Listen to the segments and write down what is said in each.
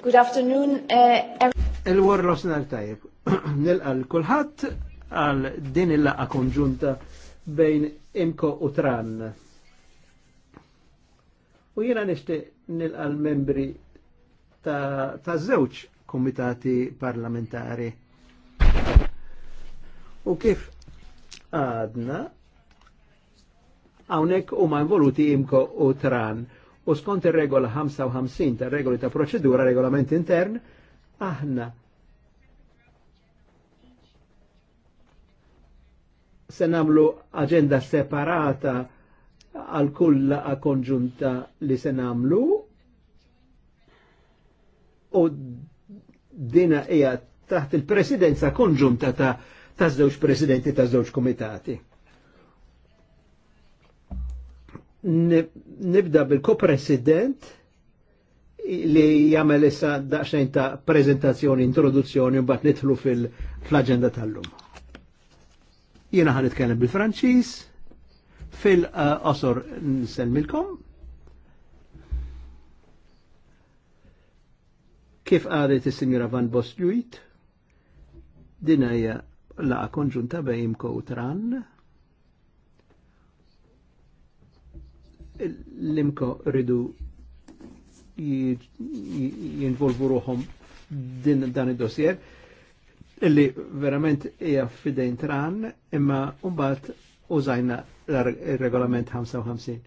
Good afternoon. Eh, Il-warro snar tajib. Nilqa l-kulħat għal din il-laqa konġunta bejn Imko u Tran. U jena nishti nilqa l-membri ta' zewċ komitati parlamentari. U kif għadna, għawnek u ma' involuti Imko u Tran u skont ir-regola 55 ta' regoli ta' proċedura, regolament intern, aħna se namlu agenda separata għal kull konġunta li se namlu u dina hija taħt il-presidenza konġunta ta' ta' żewġ presidenti ta' żewġ komitati. nibda bil-ko-president li jagħmel issa daqsxejn ta' prezentazzjoni, introduzzjoni mbagħad nidħlu fil-aġenda tal-lum. Jiena ħan nitkellem bil-Franċiż, fil-qosor uh, nsemmilkom. Kif qalet is-Sinjura Van Bosluit, din hija laqa konġunta bejn Kowtran. Tran l-imko rridu jinvolvu ruħom din dan id-dossier illi verament hija fidejn tran imma mbagħad użajna l regolament 55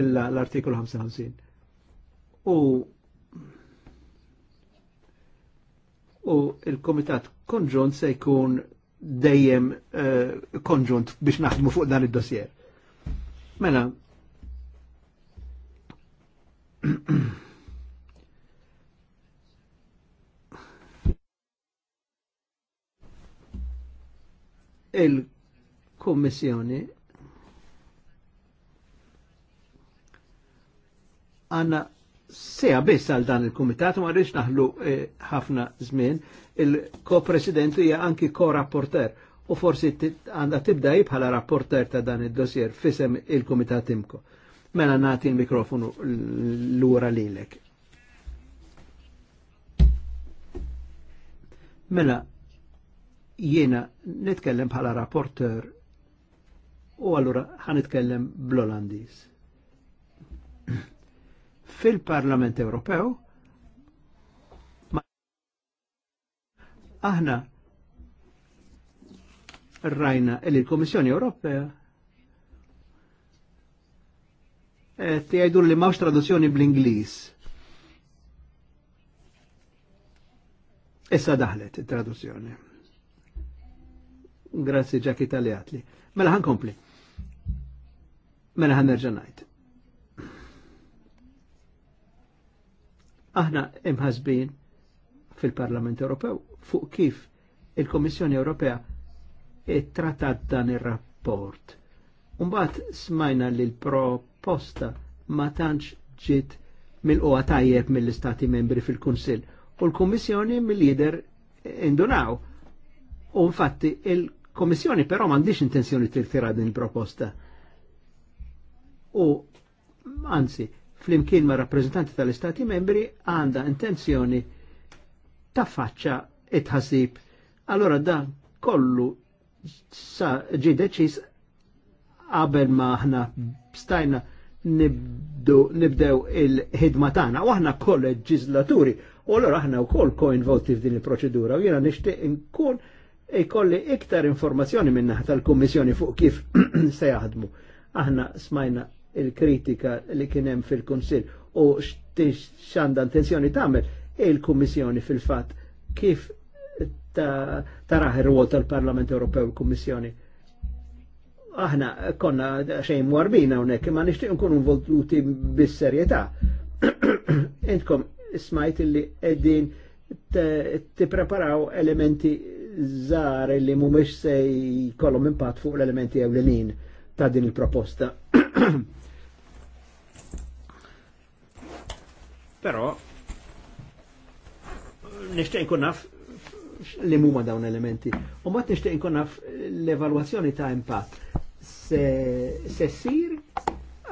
illa l-artikolu 55 u u il-komitat konġunt se jkun dejjem eh, konġunt biex naħdmu fuq dan id-dossier. Mela, Il-Kommissjoni għanna seja biss għal dan il-Kumitat ma rridx naħlu eh, ħafna eh, żmien il-ko-president hija anki ko-rapporter u forsi għandha tibda bħala rapporter ta' dan id-dossier fisem il-Kumitat imko. Mela nati l-mikrofonu l-ura lilek. Mela, jiena nitkellem bħala rapporter u allura ħanitkellem bl-Olandis. Fil-Parlament Ewropew, aħna rajna il komissjoni Ewropea Eh, ti għajdu li mawx traduzzjoni bl-Inglis. Issa e daħlet traduzzjoni. Grazzi ġak italjatli. Mela ħan kompli. Mela ħan nerġanajt. Aħna imħazbin fil-Parlament Ewropew fuq kif il-Komissjoni Ewropea it-trattat e dan ir-rapport Umbat smajna li l-proposta ma tantx ġiet mill-qoa tajjeb mill-istati membri fil-Kunsill u l-Kummissjoni mill-lider indunaw. U infatti il-Kommissjoni però m'għandix intenzjoni tirtira din il-proposta. U anzi, flimkien ma' rappresentanti tal-Istati membri għanda intenzjoni ta' faċċa itħasib. Allora da kollu sa ġi deċis qabel ma aħna stajna nibdew il-ħidma tagħna u aħna kolleġislaturi u allura aħna wkoll koinvolti f'din il-proċedura u jiena nixtieq inkun ikolli iktar informazzjoni minna tal-Kummissjoni fuq kif se jaħdmu. Aħna smajna il-kritika li kien hemm fil-Kunsill u x'għandha intenzjoni tagħmel il-Kummissjoni fil-fatt kif taraħ ir-rwol tal-Parlament Ewropew il-Kummissjoni aħna konna xejn warbina hawnhekk imma nixtieq nkunu involuti bis-serjetà. Intkom smajt illi qegħdin tippreparaw elementi żgħar li mhumiex se jkollhom impatt fuq l-elementi ewlenin ta' din il-proposta. Però nixtieq nkun naf li mhuma dawn elementi. U mbagħad nixtieq nkun naf l-evalwazzjoni ta' impatt se sir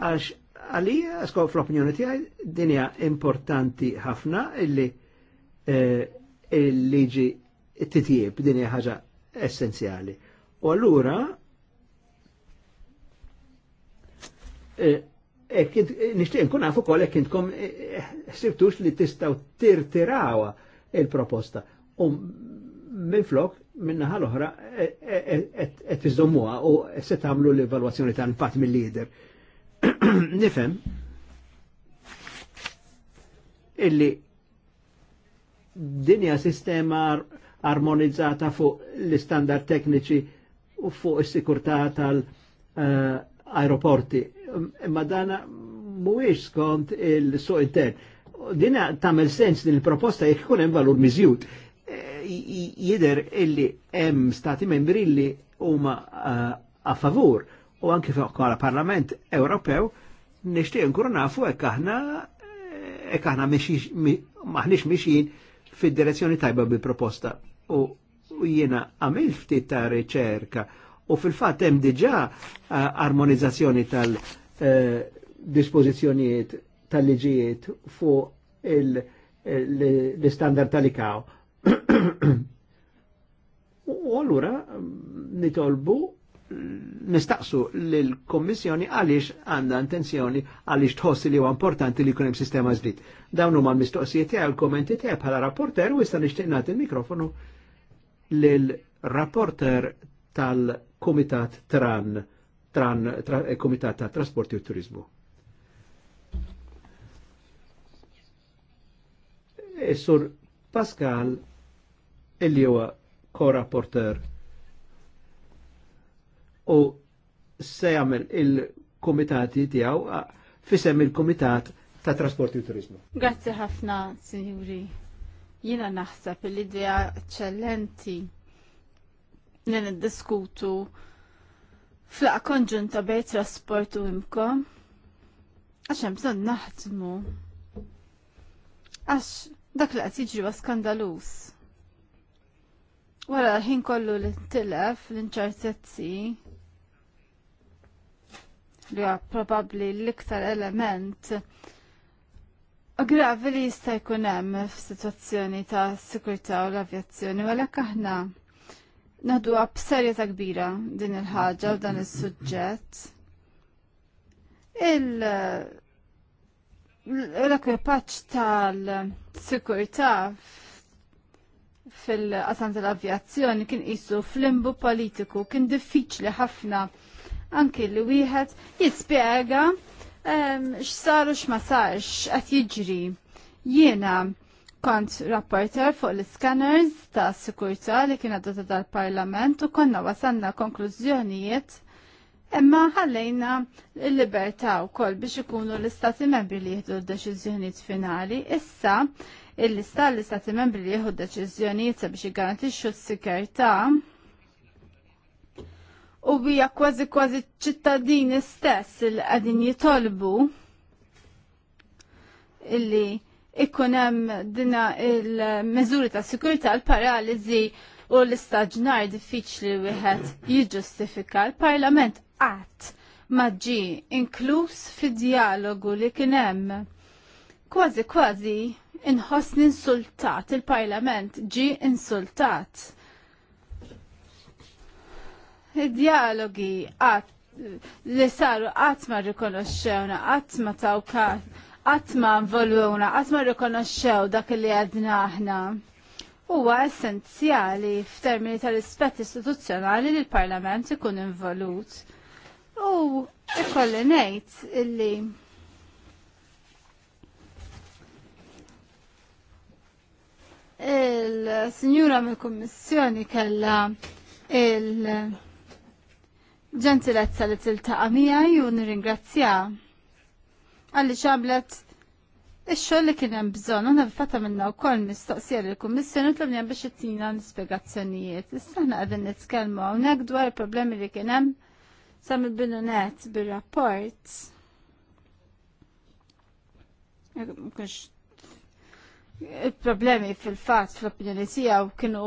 għax għalija għasko fl-opinjoni tijaj, dinja importanti ħafna illi eh, il-liġi t titjib dinja ħaġa essenzjali. U allura eh, eh, nishtiq nkun għafu kol jekk intkom sibtux li tistaw tirtirawa il-proposta. U minn flok minna l-oħra qed e, e, e, tiżommuha u se tagħmlu l-evalwazzjoni ta' impatt mill-lider. Nifhem illi dinja sistema armonizzata fuq l-istandard tekniċi u fuq is-sikurtà tal-aeroporti. Imma dana mhuwiex skont il-suq intern. Dina tagħmel sens din il-proposta jekk ikun hemm valur miżjud jider illi hemm stati membri illi huma eh, a favur u anke fuq Parlament Ewropew nixtieq nkunu nafu hekk aħna eh, hekk aħna maħniex mixjin fid-direzzjoni tajba bil-proposta. U jiena għamil ftit ta' riċerka u fil-fatt hemm diġà eh, armonizzazzjoni tal-dispożizzjonijiet tal-liġijiet fuq l-istandard tal-ikaw U allura mm, nitolbu nistaqsu l-Kommissjoni għaliex għandha intenzjoni għaliex tħossi li huwa importanti li jkun hemm sistema ġdid. Dawn huma l-mistoqsijiet tiegħi l-kommenti tiegħi bħala rapporter u issa nixtieq nagħti il-mikrofonu lill rapporter tal-Kumitat Tran, Tran, tra, eh, Kumitat ta' Trasporti u Turizmu. Essur eh, sur Pascal illi huwa korrapporter u se jagħmel il-kumitati tiegħu fisem il-kumitat ta' trasporti u turizmu. Grazzi ħafna, sinjuri. Jiena naħseb l idea eccellenti li niddiskutu flaqa konġunta bej trasport u imkom għax hemm bżonn naħdmu. Għax dak li qed jiġri skandaluż. Wara ħin kollu l tilef l-inċertezzi li huwa probabbli l-iktar element gravi li jista' jkun hemm f'sitwazzjoni ta' sikurtà u l-avjazzjoni għalhekk aħna naħduha b'serjetà kbira din il-ħaġa u dan is-suġġett. Il l ekwipaġġ tal-sikurtà fil-qasam tal-avjazzjoni kien qisu flimbu politiku kien diffiċli ħafna anki li wieħed jispjega x'saru u x'ma sarx qed jiġri. Jiena kont rapporter fuq l-scanners ta' sikurta li kien adotta dal-Parlament u konna wasanna konklużjonijiet imma ħallejna l-libertà wkoll biex ikunu l-istati membri li jieħdu l-deċiżjonijiet finali. Issa il-lista l-istati membri li jieħu deċiżjonijiet sabiex jiggarantixxu s-sikertà u bija kważi kważi ċittadini stess il qegħdin jitolbu illi ikun hemm dina il-miżuri ta' sikurità l-paraliżi u l-istaġnar diffiċli wieħed jiġġustifika l-Parlament qatt ma ġie inkluż fid-dialogu li kien hemm. Kważi kważi inħossni insultat, il-Parlament ġi insultat. Id-dialogi għat li saru għatma rikonoxxewna, għatma tawka, għatma involwuna, għatma rikonoxxew dak li għadna aħna. Huwa essenzjali f'termini tal-rispett istituzzjonali li l-Parlament ikun involut. U ikolli ngħid illi il-Sinjura mill-Kummissjoni kella il-ġentilezza li tiltaqa' mija ju nirringrazzja għalli xablet ix-xogħol li kien hemm bżonn u fatta minnha wkoll mistoqsija lill kummissjoni tlobna biex t l-ispjegazzjonijiet. Issa Istana qegħdin nitkellmu hawnhekk dwar il-problemi li kien hemm sa mill net bil rapport problemi fil-fat fl-opinjoni tiegħu kienu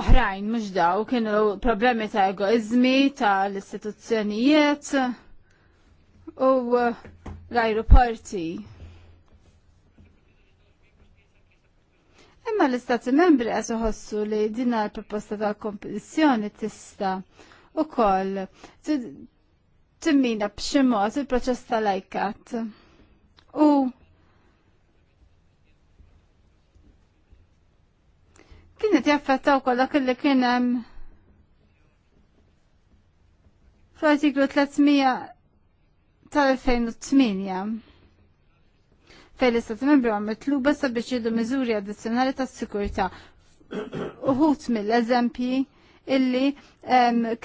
oħrajn mhux daw, kienu problemi ta' egoizmi, ta' l-istituzzjonijiet u uh, l aeroporti Imma l-istati membri għas li dinna l-proposta ta' kompetizjoni tista u koll timmina b'ximot il-proċess tal-ajkat. U kienet jaffettaw kollha kelli kien hemm fl-artiklu 300 tal-2008 fejn l istat Membri għam mitluba sabiex jiddu miżuri addizzjonali tas sikurtà Uħut mill-eżempji illi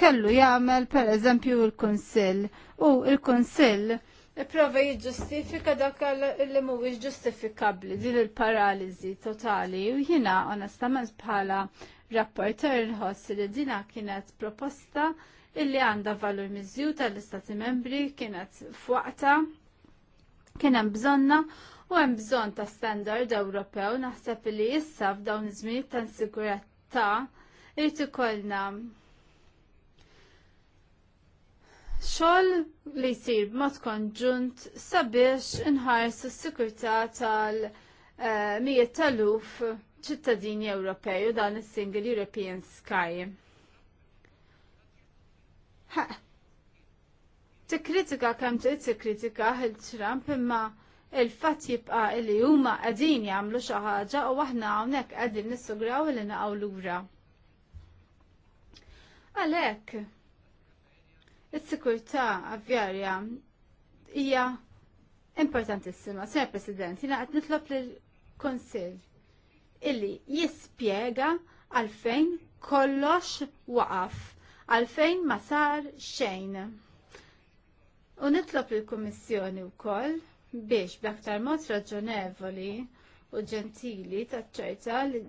kellu jagħmel per eżempju l-Kunsill u l-Kunsill Iprova jiġġustifika dak li mhuwiex ġustifikabbli din il paralizi totali u jiena onestament bħala rapporter nħoss li dina kienet proposta illi għandha valur miżju tal-Istati Membri kienet fuqta kien hemm bżonna u hemm bżonn ta' standard Ewropew naħseb li issa f'dawn iż-żmien ta' insikurezza irid ikollna xogħol li jsir tkun konġunt sabiex inħarsu s-sikurtà tal-mijiet eh, taluf ċittadini Ewropej u dan is-Single European Sky. Tikkritika kemm trid tikkritika ħil Trump imma il-fatt jibqa' li huma qegħdin jagħmlu xi ħaġa u aħna hawnhekk qegħdin nissugraw li naqgħu lura. Għalhekk, is sikurta avjarja hija importantissima, Sir President, jina qed nitlob lill-Kunsill illi jispjega għalfejn kollox waqaf, għalfejn ma sar xejn. U nitlob il-Kummissjoni wkoll biex b'aktar mod raġonevoli u ġentili taċċajta li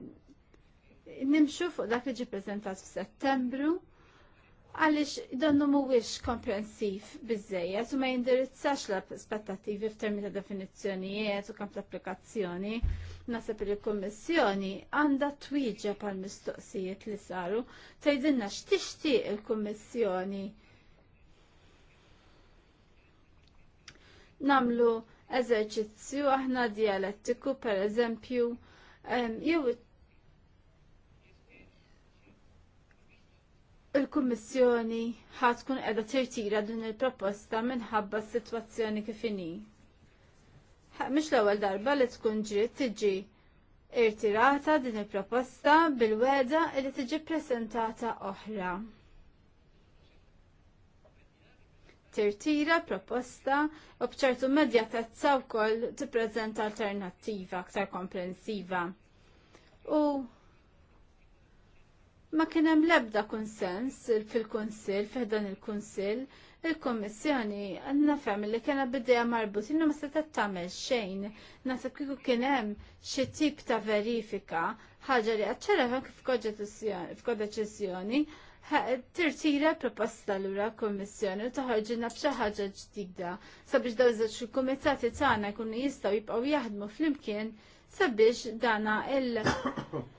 nimxu fuq dak li ġi prezentat f'Settembru għalix donnu mhuwiex komprensif bizzeja, u ma jindirizzax l-aspettattivi f'termi ta' definizzjonijiet u kamp l-applikazzjoni. nasa per il kummissjoni għandha twiġa pal mistoqsijiet li saru tgħidilna x'tixtieq il-Kummissjoni namlu eżerċizzju aħna dialettiku per eżempju jew il-Kummissjoni ħad tkun qiegħda tirtira din il-proposta minħabba s-sitwazzjoni kif inhi. Mhix l-ewwel darba li tkun ġiet tiġi irtirata din il-proposta bil-weda li tiġi presentata oħra. Tirtira proposta u bċertu medjatezza wkoll tippreżenta alternattiva aktar komprensiva. U ma kien hemm l-ebda konsens fil-Kunsill, dan il-Kunsill, il-Kommissjoni nafhem li kien bidejja marbut inhu ma setgħet tagħmel xejn. Naħseb kieku kien hemm xi tip ta' verifika ħaġa li qaċċara kif f'kodeċiżjoni tirtira proposta lura kommissjoni u taħarġina b'xi ħaġa ġdida sabiex daw żewġ il-kumitati tagħna jkunu jistgħu jibqgħu jaħdmu flimkien sabiex dana il-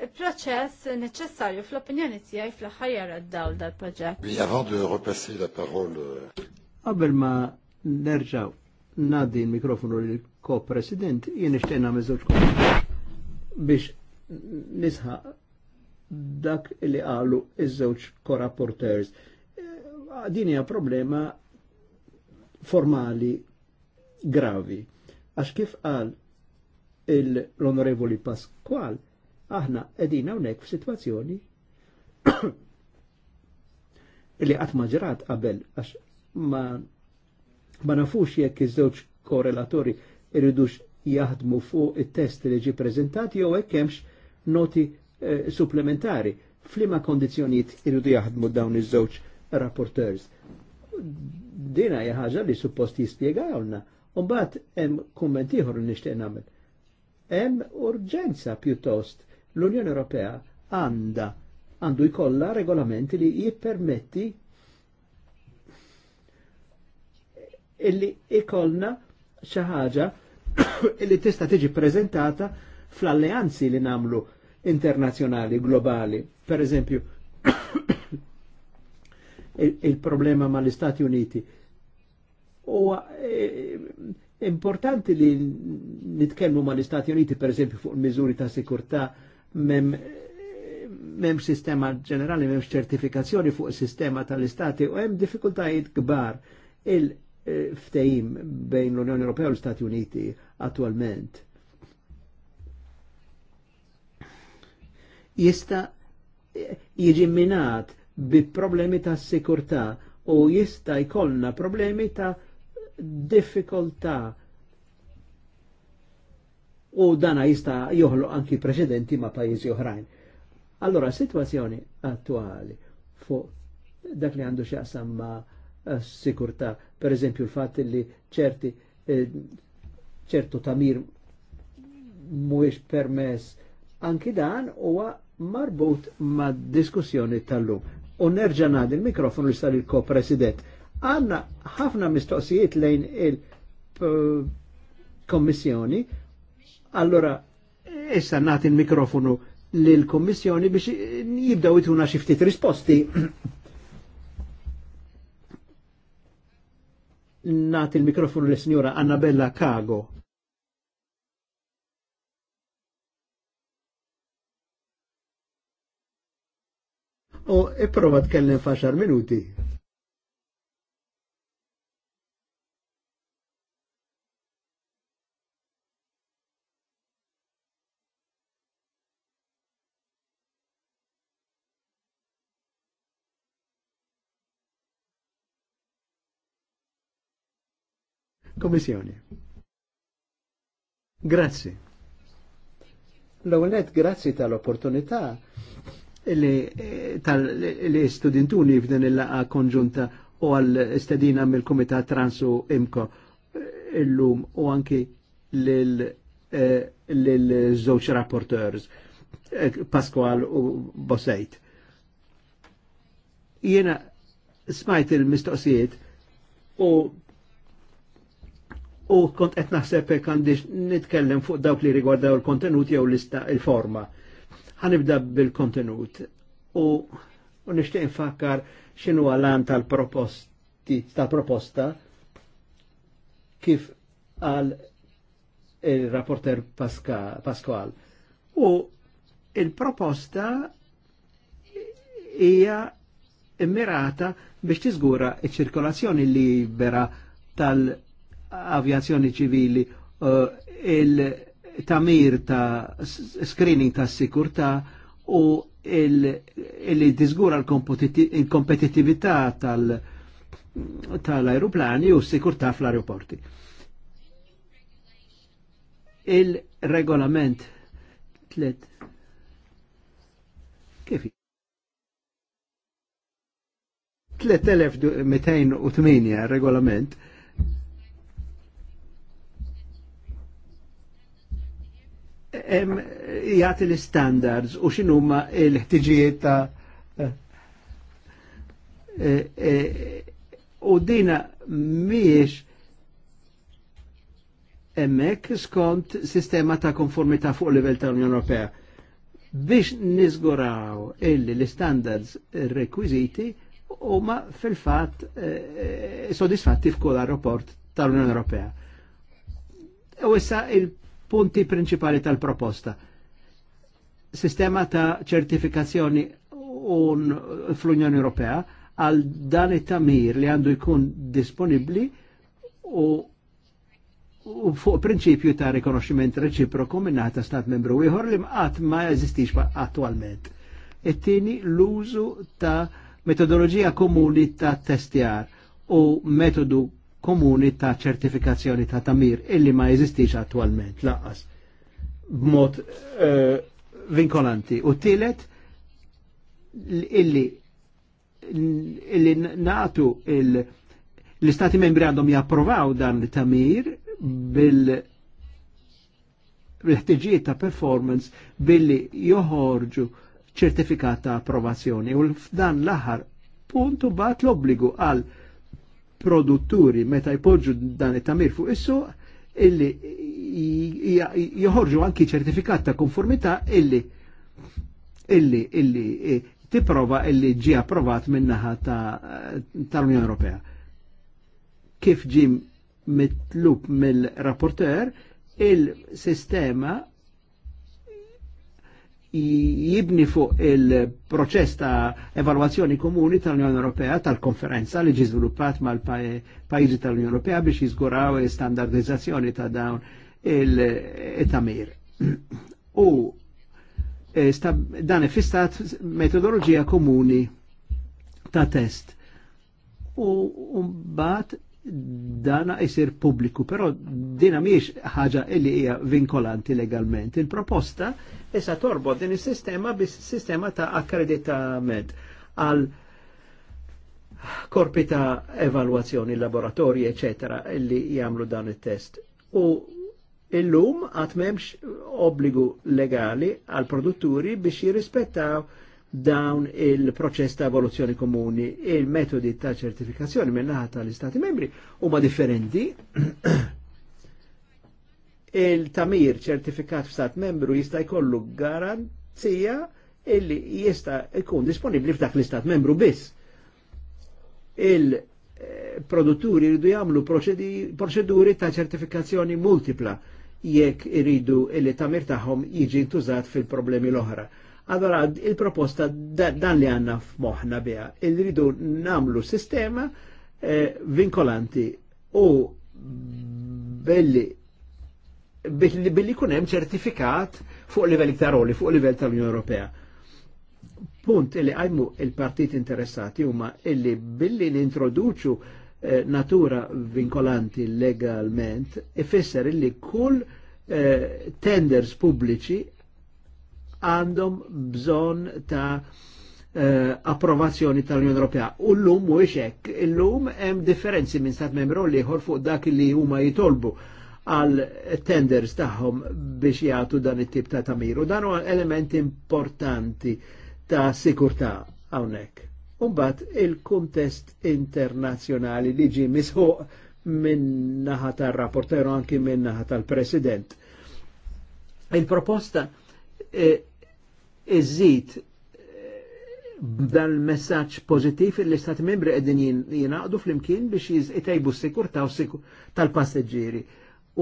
il-proċess neċessarju fl-opinjoni tiegħi fl ħajja jara dawl dal-proġett. Oui, avant de repasser la parole. Euh, Qabel ma nerġaw nadi l-mikrofonu lil ko-president, jien ixtejna miżewġ biex nisħa dak li qalu iż-żewġ ko-rapporters. Eh, din hija problema formali gravi. Għax kif qal l-onorevoli Pasqual, aħna qegħdin hawnhekk f'sitwazzjoni li qatt ma ġrat qabel għax ma ma nafux jekk iż-żewġ korrelatori irridux jaħdmu fuq it-test li ġi prezentati jew hekk hemmx noti eh, supplementari flima kondizjoniet irridu jaħdmu dawn iż-żewġ rapporteurs. Dina hija ħaġa li suppost jispjegawna. mbagħad hemm kumment ieħor li nixtieq nagħmel. Hemm urġenza pjuttost L-Unjoni Ewropea għanda għandu jkollha regolamenti li jippermetti illi ikollna xi ħaġa illi tista' tiġi preżentata fl-alleanzi li namlu internazzjonali, globali. Per eżempju, il-problema il mal-Istati Uniti. U eh, importanti li nitkellmu mal-Istati Uniti, per eżempju, fuq miżuri ta' sikurtà mem mem sistema ġenerali, mem ċertifikazzjoni fuq sistema tal-istati u hemm diffikultajiet kbar il-ftejim eh, bejn l-Unjoni Ewropea u l-Stati Uniti attualment. Jista eh, jiġi minat bi problemi ta' sikurtà u jista jkollna problemi ta' diffikultà u dana jista joħloq anki preċedenti ma' pajjiżi oħrajn. Allora, situazzjoni attuali fuq dak li għandu xaqsam ma' sikurta, per eżempju l-fat li ċerti eh, ċertu tamir mhuwiex permess anki dan huwa marbut ma' diskussjoni tal-lum. U nerġa' ngħaddi il-mikrofonu li sal il-ko-president. Għandna ħafna mistoqsijiet lejn il-kommissjoni, eh, Allora, issa nagħti il-mikrofonu lill-Kommissjoni biex jibdaw ituna xi ftit risposti. nati il-mikrofonu lis signora Annabella Cago. U prova tkellem faċar minuti. il Grazzi. L-għonet, grazzi tal-opportunità li eh, tal-studentuni f'din il-laqa konġunta u għal istadina mill komita Transu Imko eh, illum u anki eh, l żoċ rapporteurs Pasqual u Bosejt. Jena smajt il-mistoqsijiet u u kont qed naħseb għandix nitkellem fuq dawk li rigwardaw il-kontenut jew lista il-forma. Ħanibda bil-kontenut u, u nixtieq infakkar x'inhu għalan tal-proposti tal-proposta kif għal il-rapporter Pasqual. U il-proposta hija immirata biex tiżgura iċ-ċirkolazzjoni libera tal- avjazzjoni ċivili uh, il-tamir ta' screening ta' sikurta u il-dizgura il l-kompetitività il tal-aeroplani tal u sikurta fl-aeroporti. Il-regolament tlet kif 3208 regolament jgħati l-standards u xinu ma l-ħtiġijiet ta' eh, eh, u dina miex emmek skont sistema ta' konformita fuq livell ta' Unjoni Ewropea. Biex nizguraw illi l-standards rekwiziti ma fil fat eh, eh soddisfatti f'kull aeroport tal-Unjoni Ewropea. U e issa il punti principali tal-proposta. Sistema ta' ċertifikazzjoni fl-Unjoni Ewropea għal dan it-tamir li għandu jkun disponibli u, u fuq prinċipju ta' rikonoxximent reċiproku ta' stat membru ieħor li mqatt ma jeżistix attualment. It-tieni l-użu ta' metodoloġija komuni ta' testjar u metodu komuni ta' ċertifikazzjoni ta' tamir illi ma' jeżistix attualment laqas b'mod uh, vinkolanti. U tielet illi illi natu l-istati membri għandhom japprovaw dan tamir bil l-ħtiġijiet ta' performance billi joħorġu ċertifikat ta' approvazzjoni u f'dan l-aħħar puntu bat l-obbligu għal produtturi meta jpoġġu dan it-tamir fuq is-suq illi joħorġu anki ċertifikat ta' konformità illi illi illi eh, tipprova illi ġi approvat minnaħa tal-Unjoni Ewropea. Kif ġim mitlub mill-rapporter, il-sistema jibni fuq il-proċess ta' evalwazzjoni komuni tal-Unjoni Ewropea tal-konferenza li ġi żviluppat mal-pajjiżi tal-Unjoni Ewropea biex jiżguraw standardizzazzjoni ta' dawn il-tamir. U eh, dan ifistat metodoloġija komuni ta' test. U mbagħad dana jisir publiku, però dina miex ħaġa illi hija vinkolanti legalment. Il-proposta issa torbod din is-sistema bis-sistema ta' akkreditament għal korpi ta' evalwazzjoni, laboratorji, eccetera, illi jagħmlu dan it-test. U illum għat memx obbligu legali għal produtturi biex jirrispettaw dawn il-proċess ta' evoluzzjoni komuni. Il-metodi ta' ċertifikazzjoni minnaħa tal-Istati membri huma differenti. Il-tamir ċertifikat f'Stat membru jista' jkollu garanzija illi jista' jkun disponibli f'dak l-Istat membru biss. Il-produtturi jridu jagħmlu proċeduri ta' ċertifikazzjoni multipla jekk iridu illi tamir tagħhom jiġi ntużat fil-problemi l-oħra Allora, il-proposta dan li għanna f'moħna bija, il-ridu namlu sistema eh, vinkolanti u belli billi kunem ċertifikat fuq livell iktar oli, fuq livell tal-Unjoni Ewropea. Punt illi għajmu il-partit interessati huma illi billi nintroduċu eh, natura vinkolanti legalment ifisser illi kull eh, tenders pubbliċi għandhom bżon ta' uh, approvazzjoni tal-Unjoni Ewropea. U l-lum u hekk, illum hemm differenzi minn stat membru li jħor fuq dak li huma jitolbu għal tenders tagħhom biex jagħtu dan it-tip ta' tamir. U dan huwa element importanti ta' sikurtà hawnhekk. Umbat il-kuntest internazzjonali li ġi misħuq minn naħa tal-rapporteru anki minn naħa tal-president. Il-proposta eh, iżid eh, dal-messaġġ pożittiv li stati membri qegħdin jingħaqdu flimkien biex jitejbu s-sikurtà tal-passeġġieri.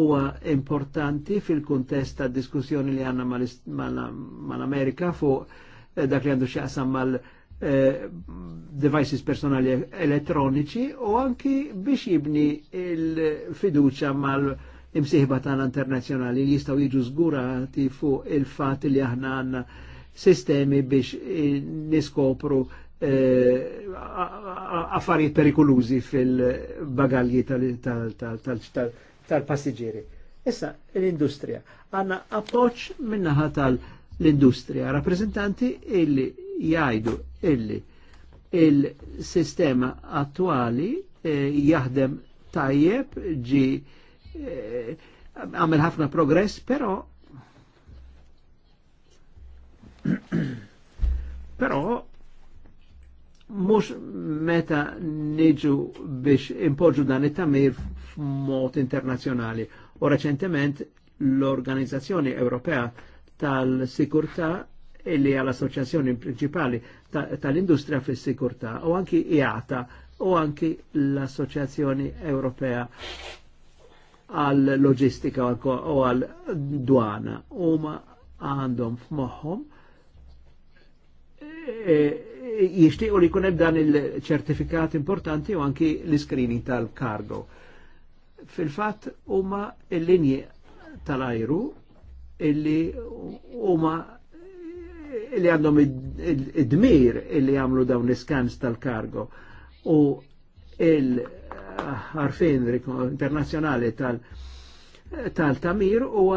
Huwa importanti fil-kuntest tad-diskussjoni li għandna mal-Amerika fuq eh, dak li għandu x'jaqsam mal eh, devices personali elettroniċi u anki biex jibni il-fiduċa mal- imsieħba tagħna internazzjonali li jistgħu jiġu żgurati fuq il-fatt li aħna għandna sistemi biex niskopru eh, affarijiet perikolużi fil-bagalji tal-passiġieri. Issa, l-industrija. Għanna appoċ minnaħa tal-industrija. Rappresentanti illi jajdu illi il-sistema attuali eh, jaħdem tajjeb ġi eh, għamil ħafna progress, pero Però mux meta niġu biex impoġu dan it-tamir f'mod internazzjonali. U reċentement l-Organizzazzjoni Ewropea tal-Sikurtà illi għal assoċjazzjoni principali tal-industrija fis sikurtà u anki IATA u anki l-Assoċjazzjoni Ewropea għal loġistika u għal dwana huma għandhom f'moħħom Eh, jishtiqu li kunem dan il-ċertifikat importanti u anki l-screening tal-kargo. Fil-fat huma l-linji tal-ajru illi huma illi għandhom id-dmir illi għamlu dawn l-scans tal-kargo u il-ħarfin internazjonali tal tal-tamir u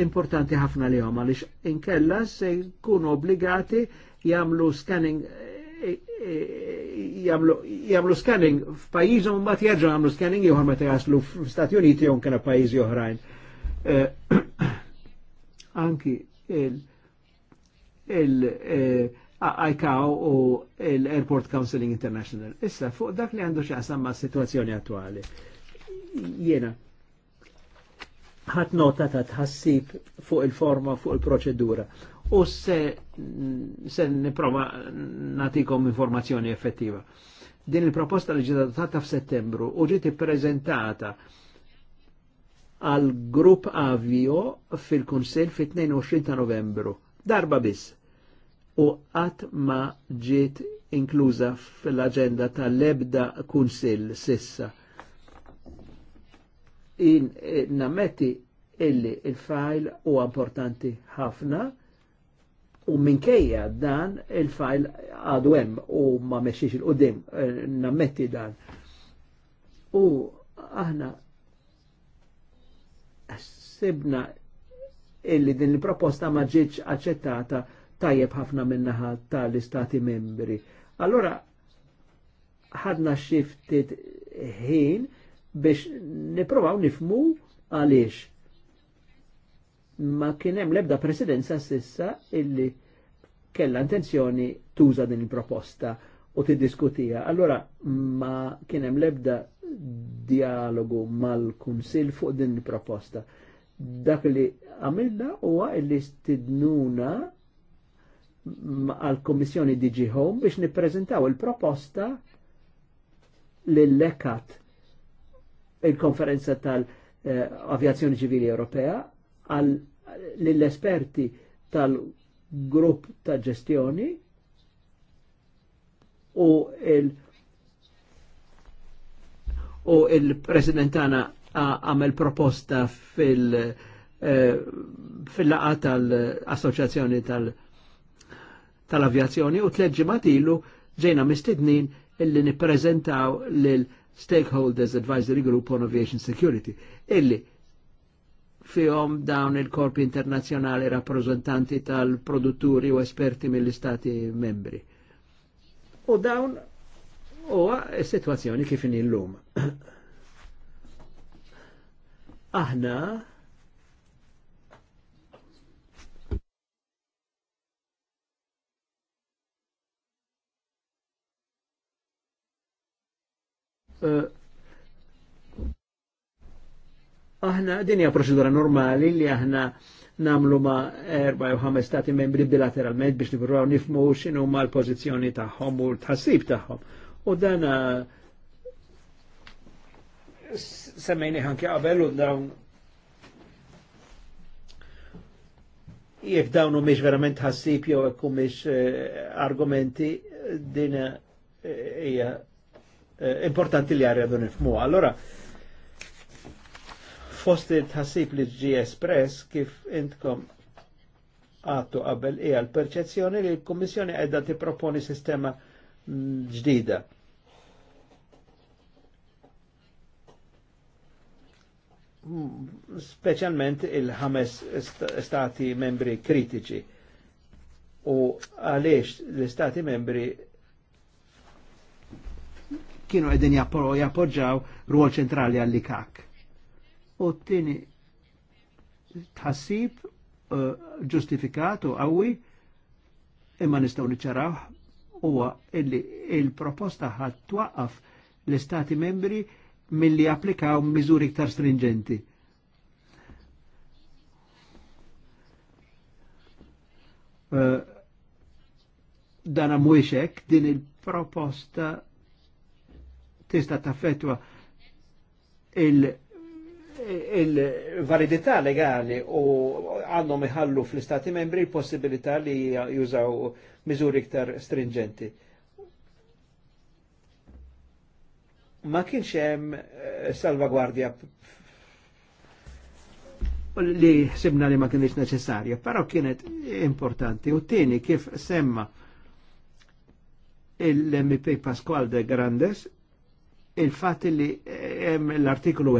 importanti ħafna li hom għaliex inkella se jkunu obbligati jamlu scanning jamlu scanning f'pajjiżhom mbagħad jerġgħu jamlu scanning ieħor ma jaslu f'Stati Uniti jom kena pajjiżi oħrajn. Eh, anki il il eh, ICAO u l-Airport Counseling International. Issa fuq dak li għandu x'aqsam ma' situazzjoni attuali. Jiena Ħat nota ta' tħassib fuq il-forma fuq il-proċedura. il forma fuq il proċedura u se, se niprova natikom informazzjoni effettiva. Din il-proposta li ġedata f'Settembru u ġiet prezentata għal grupp avio fil-Kunsel fit-22 ta' Novembru, darba biss, u qatt ma ġiet inkluża fil agenda tal-ebda Kunsel sissa. In, eh, nammetti illi il-fajl u importanti ħafna U minkejja dan il-fajl għadu hemm u ma mexiex il-qudiem eh, nammetti dan. U aħna sibna illi din il-proposta ma ġietx aċċettata tajjeb ħafna minnaħa tal-istati membri. Allora ħadna xiftit ħin biex niprovaw nifmu għaliex ma kien hemm l-ebda presidenza sissa illi kella intenzjoni tuża din il-proposta u tiddiskutija. Allora ma kien hemm l-ebda dialogu mal-Kunsil fuq din il-proposta. Dak li għamilna huwa illi stidnuna għal kommissjoni DG Home biex nippreżentaw il-proposta lill-lekat il-konferenza tal-Avjazzjoni Ċivili Ewropea għal lill-esperti tal-grupp ta' ġestjoni u il- u il-presidentana għamel proposta fil- eh, fil-laqa tal-assoċjazzjoni tal-avjazzjoni u tleġġimat ilu ġejna mistednin illi niprezentaw lil Stakeholders Advisory Group on Aviation Security illi fihom dawn il-korpi internazzjonali rappresentanti tal-produtturi u esperti mill-istati membri. U dawn huwa situazzjoni kif illum. Aħna uh, Aħna, din hija proċedura normali li aħna namlu ma' erba u ħames stati membri bilateralment biex nipruvaw nifmu x'inhu ma' l-pożizzjoni tagħhom u l-tħassib tagħhom. U dan uh, semmejni ħanki qabel u dawn jekk dawn u miex verament ħassib jew hekk miex uh, argumenti din uh, hija importanti li għarja dun nifmu. Allora, fost tħassib li ġi espress kif intkom għattu qabel hija għal perċezzjoni li l-Kummissjoni ti tipproponi sistema ġdida. Speċjalment il-ħames stati membri kritiċi. U għaliex l-istati membri kienu għedin jappoġġaw ruol ċentrali għall-ikak. U t-tini tħassib uh, ġustifikat u għawi imma nistaw niċċaraw huwa illi il-proposta ħad twaqqaf l-istati membri mill-li applikaw miżuri iktar stringenti. Uh, dana mwixek din il-proposta tista taffetwa il- il-validità legali u għandhom iħallu fl-istati membri il possibilità li jużaw miżuri iktar stringenti. Ma kienx hemm eh, salvagwardja li sibna li ma kienx neċessarja, però kienet importanti. U tieni kif semma il-MP Pasqual de Grandes il-fat li hemm l-artiklu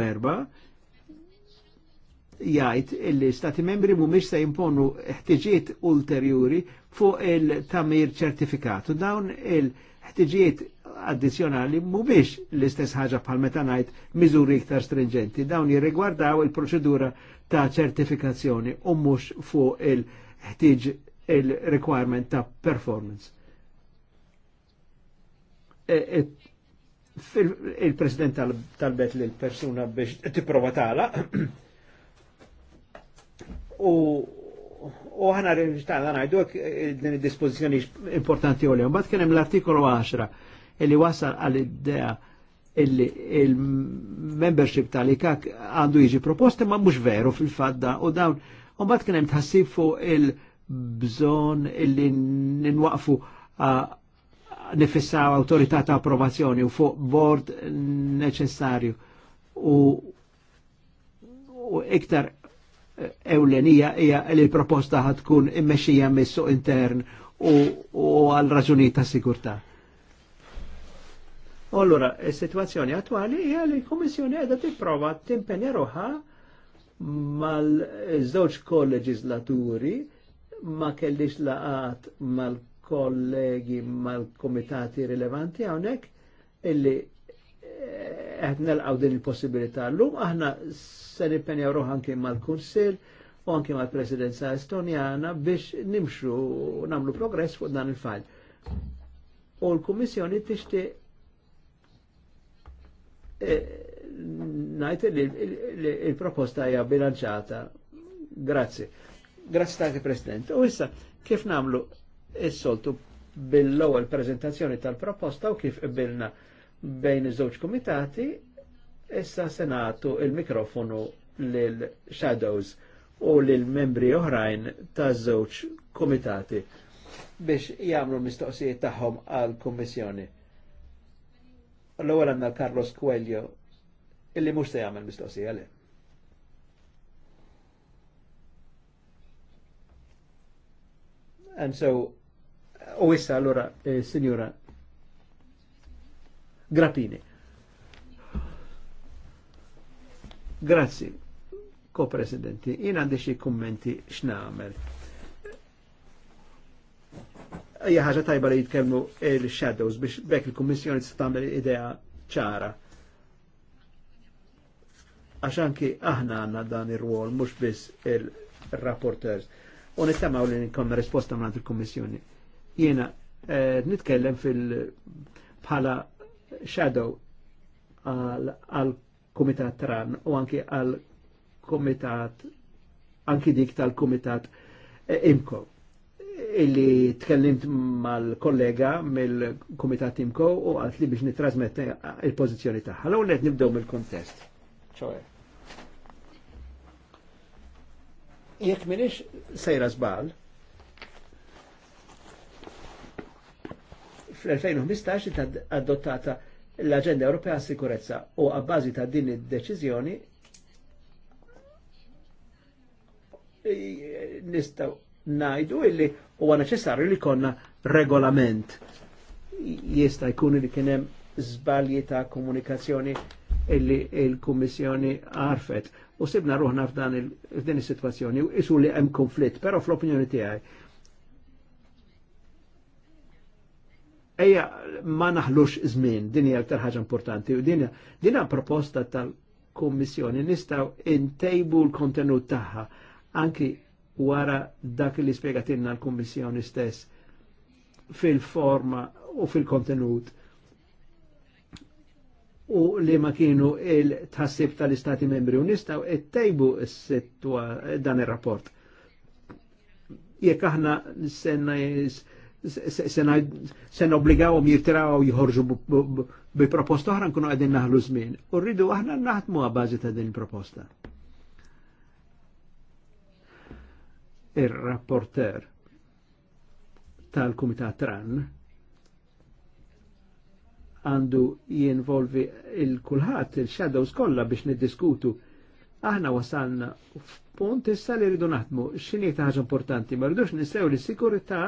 jgħid illi stati membri mhumiex se jimponu ħtiġiet ulterjuri fuq il-tamir ċertifikatu. Dawn il-ħtiġiet addizjonali mhumiex l-istess ħaġa bħal meta ngħid miżuri iktar stringenti. Dawn jirrigwardaw il-proċedura ta' ċertifikazzjoni u mhux fuq il-ħtiġ il-requirement ta' performance. E, e, il-president tal-bet tal l-persuna biex tipprova tala u u ħana rinġtana għajdu eh, din dispozizjoni importanti u l-jom. Bat kienem l artiklu 10 illi wasal għal-idea illi il-membership tal-ikak għandu jiġi proposti ma mux veru fil-fadda u dawn. U bat kienem tħassib fuq il-bżon illi ninwaqfu nifissaw autorità ta' approvazzjoni u fuq bord neċessarju u iktar ewlenija hija li l-proposta ħad tkun immexxija missu intern u għal raġunijiet ta' sigurtà. Allora, is-sitwazzjoni attwali hija li l-Kummissjoni qiegħda tipprova timpenja ruħha mal-żewġ kolleġislaturi ma kellix laqat mal-kollegi mal-komitati rilevanti hawnhekk illi qed nelqgħu din il-possibilità llum aħna se nippenjaw ruħ anke mal-Kunsill u anke mal-Presidenza Estonjana biex nimxu nagħmlu progress fuq dan il-fall. U l-Kummissjoni tixtieq eh, najt li il-proposta hija bilanċata. Grazzi. Grazzi tanti President. U issa kif namlu is-soltu bil-ewwel prezentazzjoni tal-proposta u kif qbilna bejn iż-żewġ komitati, issa senatu il-mikrofonu lil Shadows u lil membri oħrajn ta' żewġ komitati biex jagħmlu mistoqsijiet tagħhom għal kummissjoni. L-ewwel għandna Carlos Coelho illi mhux se jagħmel mistoqsija le. And so, u issa allura, eh, signora Grappini. Grazzi, Co presidenti Jien għandi xi kommenti x'namel. Ija ħaġa tajba li jitkellmu il-shadows biex bekk il-Kummissjoni t-tamel idea ċara. Għax anki aħna għandna dan ir-rwol mhux biss il-rapporters. U nittamaw li nkonna risposta minn il-Kummissjoni. Jiena eh, nitkellem fil- bħala shadow għal komitat tran u anki għal komitat anki dik tal-komitat eh, imko illi tkellimt mal-kollega mill-komitat imko u għalt li biex nitrasmet il-pozizjoni taħħa. l net nibdew mill-kontest. ċoħe. Jek minix sejra zbal, fl-2015 adottata l-Aġenda Ewropea Sikurezza u għabbażi ta' din id-deċiżjoni nistaw najdu illi huwa neċessarju li konna regolament. Jista' jkun li kien hemm żbalji ta' komunikazzjoni illi il-Kummissjoni għarfet. U sibna ruħna f'dan f'din is-sitwazzjoni u isu li hemm konflitt, però fl-opinjoni tiegħi Eja, ma naħlux żmien, din hija aktar ħaġa importanti u din hija proposta tal-Kummissjoni nistgħu intejbu l-kontenut tagħha anki wara dak li spjegatilna l-Kummissjoni stess fil-forma u fil-kontenut u li ma kienu il-tħassib tal-Istati membri u nistaw it-tejbu dan il-rapport. Jekk aħna jis sen obbligawhom jirtiraw jħorġu bi proposta oħra nkunu qegħdin naħlu żmien. U rridu aħna naħdmu għal ta' din proposta. Ir-rapporter tal-Kumitat Tran għandu jinvolvi il-kulħat, il-shadows kollha biex niddiskutu Aħna wasalna f'punt issa li rridu naħdmu x'inhi ta' ħaġa importanti, ma rridux nistgħu li sikurità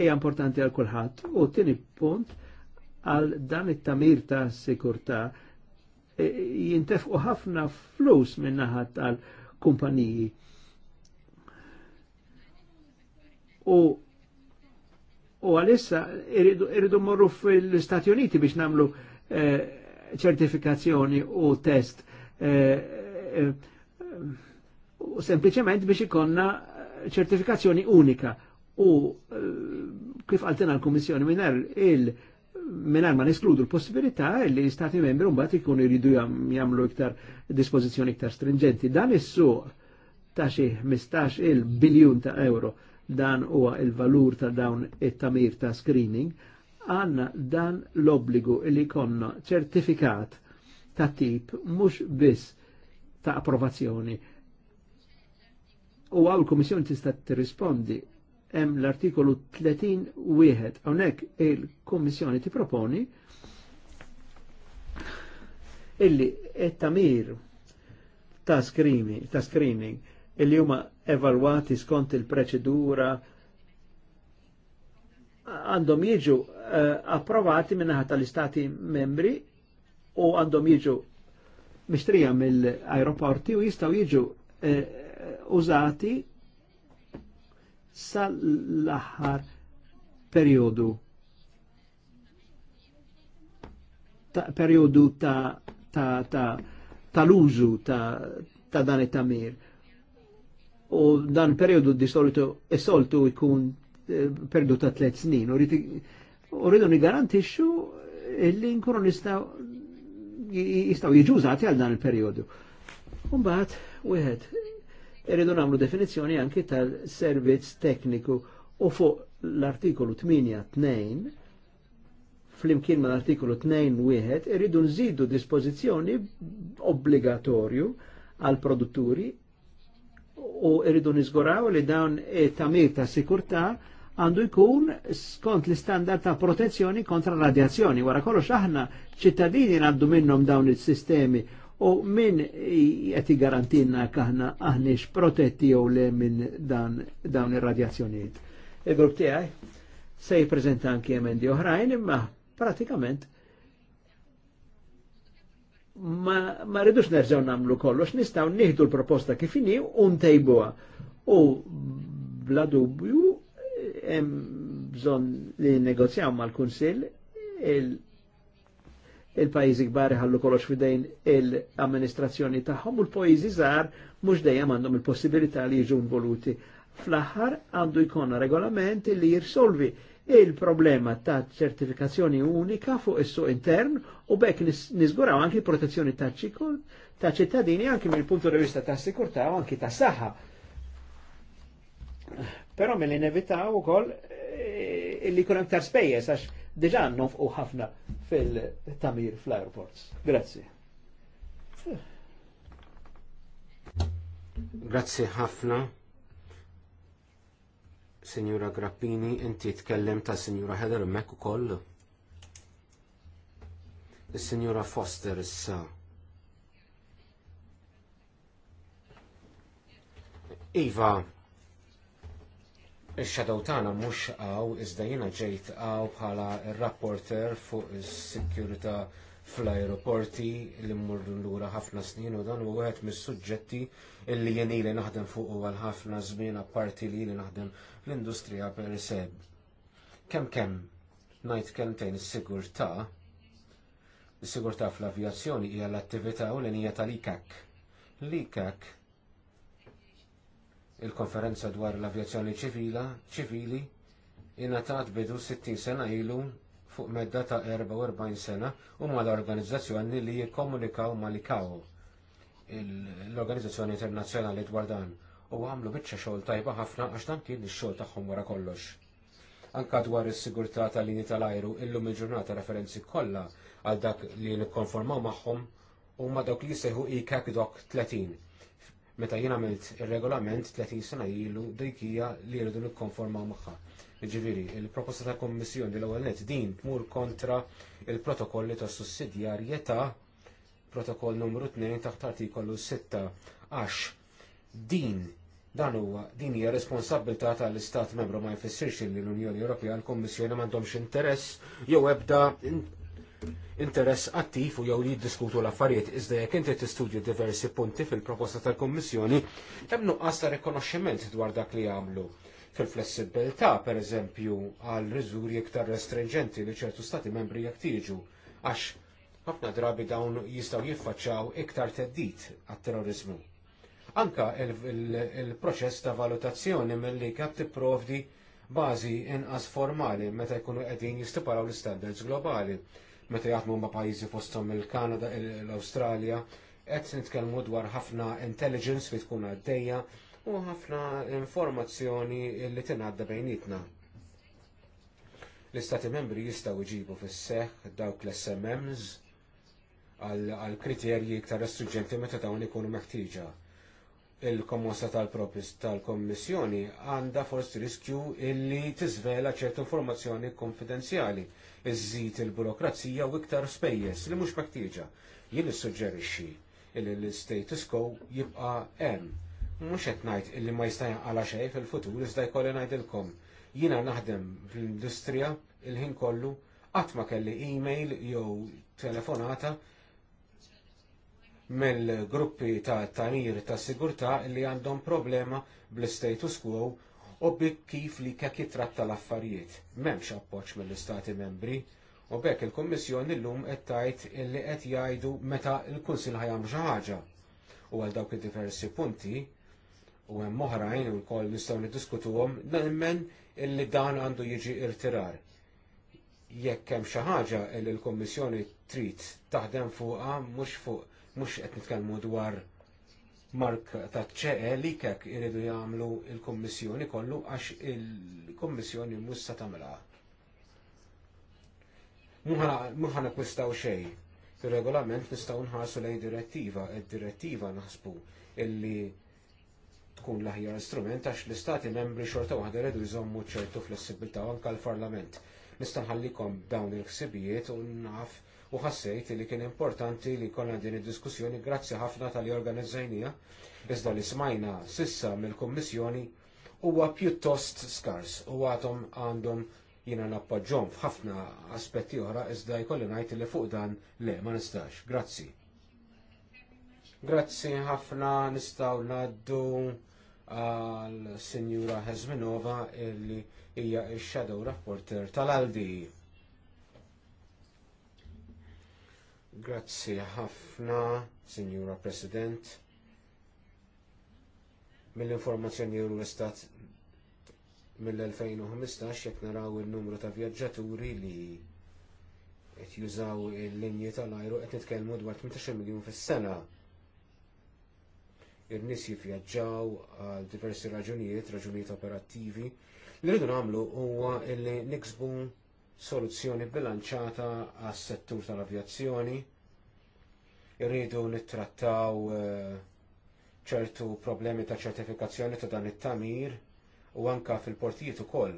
hija importanti għal kulħadd. U tieni punt għal dan it-tamir ta' sikurtà e, jintefqu ħafna flus minn naħat tal kumpaniji. U u għalissa irridu morru fil-Stati Uniti biex namlu e, ċertifikazzjoni u test eh, eh, u sempliciment biex ikonna ċertifikazzjoni unika u eh, kif għaltina l-Komissjoni minar il minar ma niskludu l-possibilità li l-Stati membri mbagħad ikunu jridu jagħmlu iktar dispozizjoni iktar stringenti. Dan is-suq ta' xi 15 il biljun ta' euro dan huwa il-valur ta' dawn it-tamir ta' screening, għanna dan l-obbligu li konna ċertifikat ta' tip mhux biss ta' approvazzjoni. U għaw il-Komissjoni tista' tirrispondi hemm l-artikolu 30 wieħed hawnhekk il-Kummissjoni tipproponi illi qed tagħmir ta' screening, ta' screening illi huma evalwati skont il preċedura għandhom jiġu eh, approvati minnaħat tal-istati membri u għandhom jiġu mixtrija mill-aeroporti u jistaw jiġu eh, użati sal-aħħar periodu ta' periodu ta' ta' ta' tal-użu ta', ta dan it-tamir. U dan periodu di solito e soltu ikun eh, perdu ta' tlet snin. U rridu ni nigarantixxu illi nkunu nistaw jistaw jiġu użati għal dan il-periodu. Umbat, wieħed, irridu namlu definizjoni anki tal-servizz tekniku u fuq l-artikolu 8.2 fl-imkien ma l-artikolu 2.1 irridu nżidu dispozizjoni obbligatorju għal produtturi u irridu nizguraw li dawn tamir ta' sikurta' għandu jkun skont l-istandard ta' protezzjoni kontra radjazzjoni. Wara kollox aħna ċittadini għandu minnhom dawn il-sistemi u min qed garantinna kaħna aħniex protetti jew le minn dan dawn ir-radjazzjonijiet. Il-grupp tiegħi se jippreżenta anki emendi oħrajn imma pratikament ma, ma rridux nerġaw namlu kollox, nistaw nieħdu l-proposta kif inhi u ntejbuha. U bla dubju hemm bżonn li negozjaw mal-Kunsill il-pajjiżi il kbar ħallu kollox fidejn il-amministrazzjoni tagħhom u l-pajjiżi żgħar mhux dejjem għandhom il-possibilità li jiġu involuti. Fl-aħħar għandu jkollna regolament li jirsolvi il-problema ta' ċertifikazzjoni unika fuq is-suq intern u bekk niżguraw anki protezzjoni ta' ċittadini anki mill punt di vista ta' sikurta u anki ta' saħħa Però mill u ukoll eh, li kun aktar spejjeż għax diġà u ħafna fil-tamir fl aeroports Grazzi. Grazzi ħafna. Signora Grappini, inti tkellem ta' Signora Heather Mek u koll. Signora Foster issa. Iva, ix xadow tagħna mhux għaw iżda jiena ġejt għaw bħala rapporter fuq is-sikjurità fl-aeroporti li mmurru lura ħafna snin u dan huwa wieħed mis-suġġetti illi jien ili naħdem fuq għal ħafna żmien apparti li li naħdem l-industrija per se. Kemm kemm ngħid tejn is-sigurtà is-sigurtà fl-avjazzjoni hija l-attività u l-inija tal-ICAC. E L-ICAC il-konferenza dwar l-avjazzjoni ċivila, ċivili, ingħatat bidu 60 sena ilu fuq medda ta' 44 sena u ma l-organizzazzjoni li jikkomunikaw ma li l-organizzazzjoni internazzjonali dwar dan u għamlu bieċa xogħol tajba ħafna għax dan kien ix-xogħol tagħhom wara kollox. Anka dwar is-sigurtà tal-linji tal-ajru illum il-ġurnata referenzi kollha għal dak li nikkonformaw magħhom u ma dawk li jseħu ICAC dok 30 meta jien għamilt ir-regolament 30 sena ilu dejkija li jridu nikkonformaw maħħa. Ġiviri, il-proposta ta' kommissjoni l-ewwel din tmur kontra il-protokolli tas sussidjarjetà protokoll numru 2 taħt artikolu 6 għax din dan huwa din hija responsabilità tal-Istat membru ma jfissirx li l-Unjoni Ewropea l-Kummissjoni m'għandhomx interess jew ebda interess attiv u jew li jiddiskutu l-affarijiet iżda jekk inti tistudju diversi punti fil-proposta tal-Kummissjoni hemm nuqqas ta' rikonoxximent dwar dak li għamlu fil-flessibilità pereżempju għal riżuri iktar restringenti li ċertu stati membri jekk tiġu, għax ħafna drabi dawn jistgħu jiffaċċaw iktar teddit għat-terrorizmu. Anka il-proċess ta' valutazzjoni milli kap tipprovdi bażi inqas formali meta jkunu qegħdin jistiparaw l-standards globali meta jaħdmu ma' pajjiżi fosthom il-Kanada, l-Awstralja, qed nitkellmu dwar ħafna intelligence li tkun għaddejja u ħafna informazzjoni li tingħadda bejnietna. L-Istati membri jistgħu jġibu fis-seħħ dawk l-SMMs għal kriterji iktar restriġenti meta dawn ikunu meħtieġa il-komossa tal-Kommissjoni tal għandha forsi riskju illi tiżvela ċertu informazzjoni konfidenzjali, iżżid il-burokrazija u iktar spejjeż li mhux meħtieġa. Jien issuġġerixxi illi l-status quo jibqa' hemm. Mhux qed ngħid illi ma jista' jinqala xejn fil-futur iżda jkolli ngħidilkom. Jiena naħdem fl-industrija il-ħin kollu qatt ma kelli email jew telefonata mill-gruppi ta' tanir ta' sigurtà li għandhom problema bl-status quo u bi kif li kek jitratta l-affarijiet. M'hemmx appoġġ mill-istati membri u bekk il-Kommissjoni llum qed tgħid illi qed jgħidu meta l-Kunsil ħajam xi ħaġa. U għal dawk id-diversi punti u hemm oħrajn u nistgħu niddiskutuhom nemmen illi dan għandu jiġi irtirar jekk hemm xi ħaġa illi l-Kummissjoni trid taħdem fuqha mhux fuq mhux qed nitkellmu dwar mark ta' ċeqe li kek iridu jagħmlu l kummissjoni kollu għax il-Kommissjoni mhux se tagħmilha. Mhux kwistaw xejn. il regolament nistgħu nħarsu lejn direttiva, id-direttiva naħsbu illi tkun l-aħjar strument għax l-istati membri xorta waħda rridu jżommu ċertu flessibilta għanka l-Parlament. Nista' dawn il-ħsibijiet u naf u ħassejt li kien importanti li jkollna din id-diskussjoni grazzi ħafna tal-li organizzajnija, iżda li smajna sissa mill-Kommissjoni huwa pjuttost skars u għatom għandhom jina nappoġġhom f'ħafna aspetti oħra iżda jkolli ngħid li fuq dan le ma nistax. Grazzi. Grazzi ħafna nistgħu ngħaddu għal Sinjura Hezminova illi hija x-Shadow Rapporter tal-Aldi. Grazzi ħafna, Signora President. Mill-informazzjoni l-Istat mill-2015 jekk naraw in numru ta' vjaġġaturi li qed jużaw il-linji tal-ajru qed nitkellmu dwar 18 miljun fis-sena. Ir-nies jivvjaġġaw għal diversi raġunijiet, raġunijiet operattivi. Li rridu nagħmlu huwa li niksbu soluzzjoni bilanċata għas settur tal-avjazzjoni. Irridu nittrattaw eh, ċertu problemi ta' ċertifikazzjoni ta' dan it-tamir u anka fil-portijiet ukoll.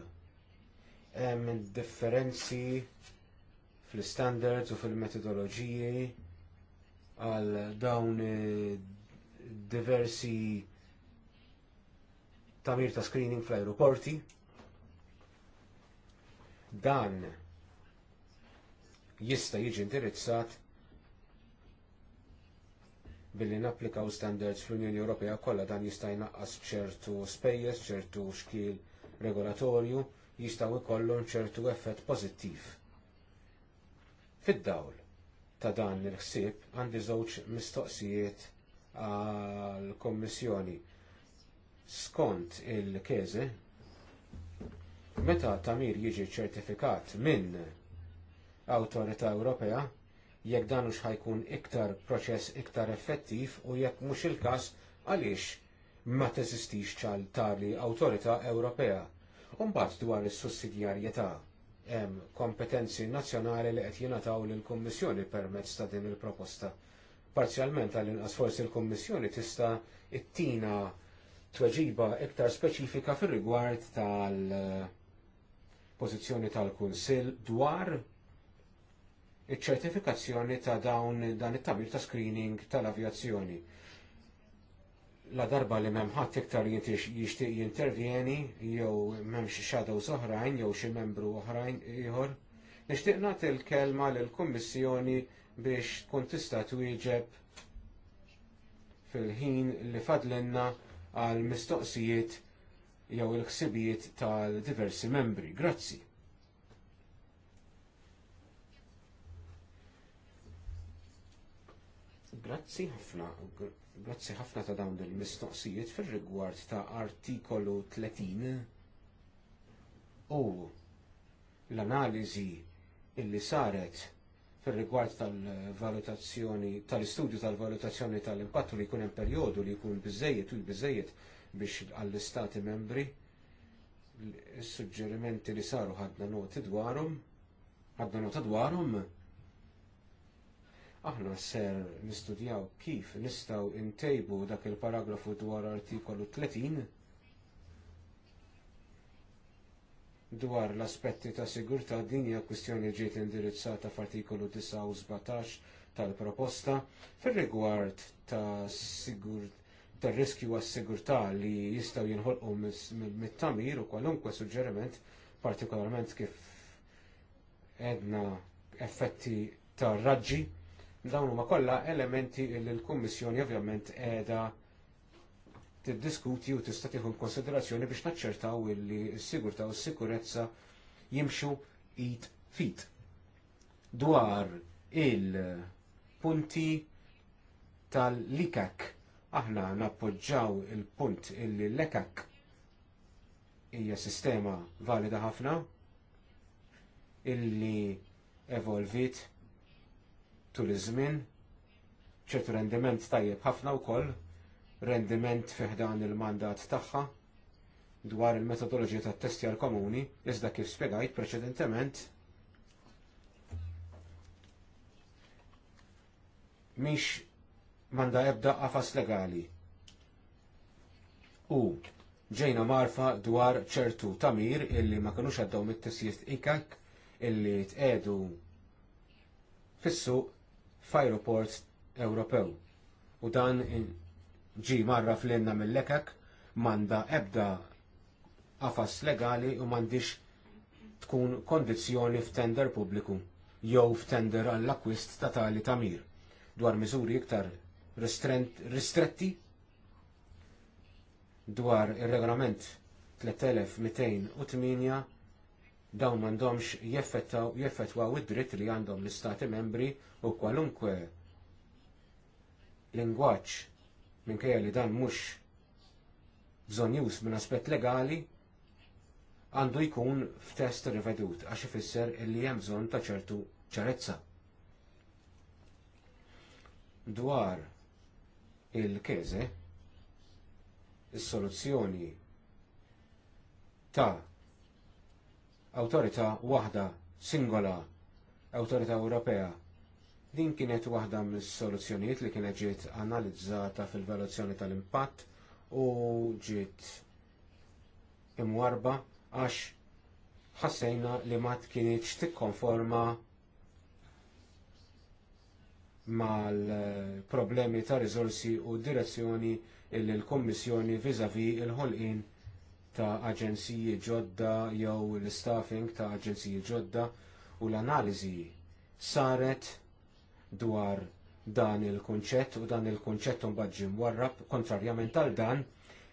Hemm differenzi fl-standards u fil-metodoloġiji għal dawn eh, diversi tamir ta' screening fl-aeroporti. Dan jista' jiġi indirizzat billi napplikaw standards fl-Unjoni Ewropea kollha dan jista' jnaqqas b'ċertu spejjeż, ċertu xkiel regolatorju, jistgħu jkollhom ċertu effett pożittiv. Fid-dawl ta' dan il-ħsieb għandi żewġ mistoqsijiet għall kummissjoni Skont il keżi Meta tamir jiġi ċertifikat minn Awtorità Ewropea, jekk dan hux ħajkun iktar proċess iktar effettiv u jekk mhux il-każ għaliex ma teżistix ċal tali Awtorità Ewropea. Umbagħad dwar is-sussidjarjetà hemm kompetenzi nazzjonali li qed jingħataw lill-Kummissjoni permezz ta' din il-proposta. Parzjalment għall-inqas forsi l-Kummissjoni tista' ittina tweġiba iktar speċifika fir-rigward tal- pożizzjoni tal-Kunsill dwar iċ-ċertifikazzjoni ta' dawn dan it-tabir ta' screening tal-avjazzjoni. La darba li m'hemm ħadd iktar jixtieq jintervjeni jew m'hemmx shadows oħrajn jew xi membru oħrajn ieħor, nixtieq nagħti l-kelma lill-Kummissjoni biex tkun tista' twieġeb fil-ħin li fadlinna għal mistoqsijiet jew il-ħsibijiet tal-diversi membri. Grazzi. Grazzi ħafna, grazzi ħafna ta' dawn il-mistoqsijiet fir-rigward ta' artikolu 30 u l-analiżi illi saret fil-rigward tal-valutazzjoni, tal-istudju tal-valutazzjoni tal-impattu li jkun hemm perjodu li jkun biżejjed u biżejjed biex għall-istati membri s suġġerimenti li saru ħadna noti dwarhom, ħadna nota dwarhom. Aħna ser nistudjaw kif nistgħu ntejbu dak il-paragrafu dwar artikolu 30 dwar l-aspetti ta' sigurtà din hija kwistjoni ġiet indirizzata f'artikolu 9 u 17 tal-proposta fir-rigward ta' sigurtà tar-riskju għas-sigurtà li jistgħu jinħolqu mit-tamir u kwalunkwe suġġeriment, partikolarment kif edna effetti tar raġġi, dawn huma kollha elementi li l-Kummissjoni ovvjament qiegħda tiddiskuti u tista' tieħu konsiderazzjoni biex naċċertaw illi s-sigurtà u s-sikurezza jimxu id fit. Dwar il-punti tal-likak Aħna nappoġġaw il-punt illi l-ekak hija sistema valida ħafna illi evolvit tul iż-żmien ċertu rendiment tajjeb ħafna wkoll, rendiment fiħdan il-mandat tagħha dwar il-metodoloġija tat testjar komuni, iżda kif spjegajt preċedentement mhix manda ebda qafas legali. U ġejna marfa dwar ċertu tamir illi ma kinux għaddaw mit-tisjiet ikak illi t-edu fissu f'ajruport Ewropew. U dan ġi marra fl-inna mill-lekak manda ebda qafas legali u mandiġ tkun kondizzjoni f'tender pubbliku jew f'tender għall-akwist ta' tali tamir dwar miżuri iktar ristretti dwar ir regolament 3208 dawn m'għandhomx jeffettwaw id-dritt li għandhom l-istati membri u kwalunkwe lingwaġġ minkejja li dan mhux bżonjus minn aspett legali għandu jkun f'test rivedut għax ifisser li hemm bżonn ta' ċertu ċarezza. Dwar il-keze, is-soluzzjoni ta' awtorità waħda singola awtorita' Ewropea. Din kienet waħda mis-soluzzjonijiet li kienet ġiet analizzata fil-valuzzjoni tal-impatt u ġiet imwarba għax ħassejna li ma kienx tikkonforma mal-problemi ta' riżorsi u direzzjoni illi l-Kommissjoni vizavi il-ħolqin ta' aġenziji ġodda jew l-staffing ta' aġenziji ġodda u l-analiżi saret dwar dan il-kunċett u dan il-kunċett un badġim warrab kontrarjament għal dan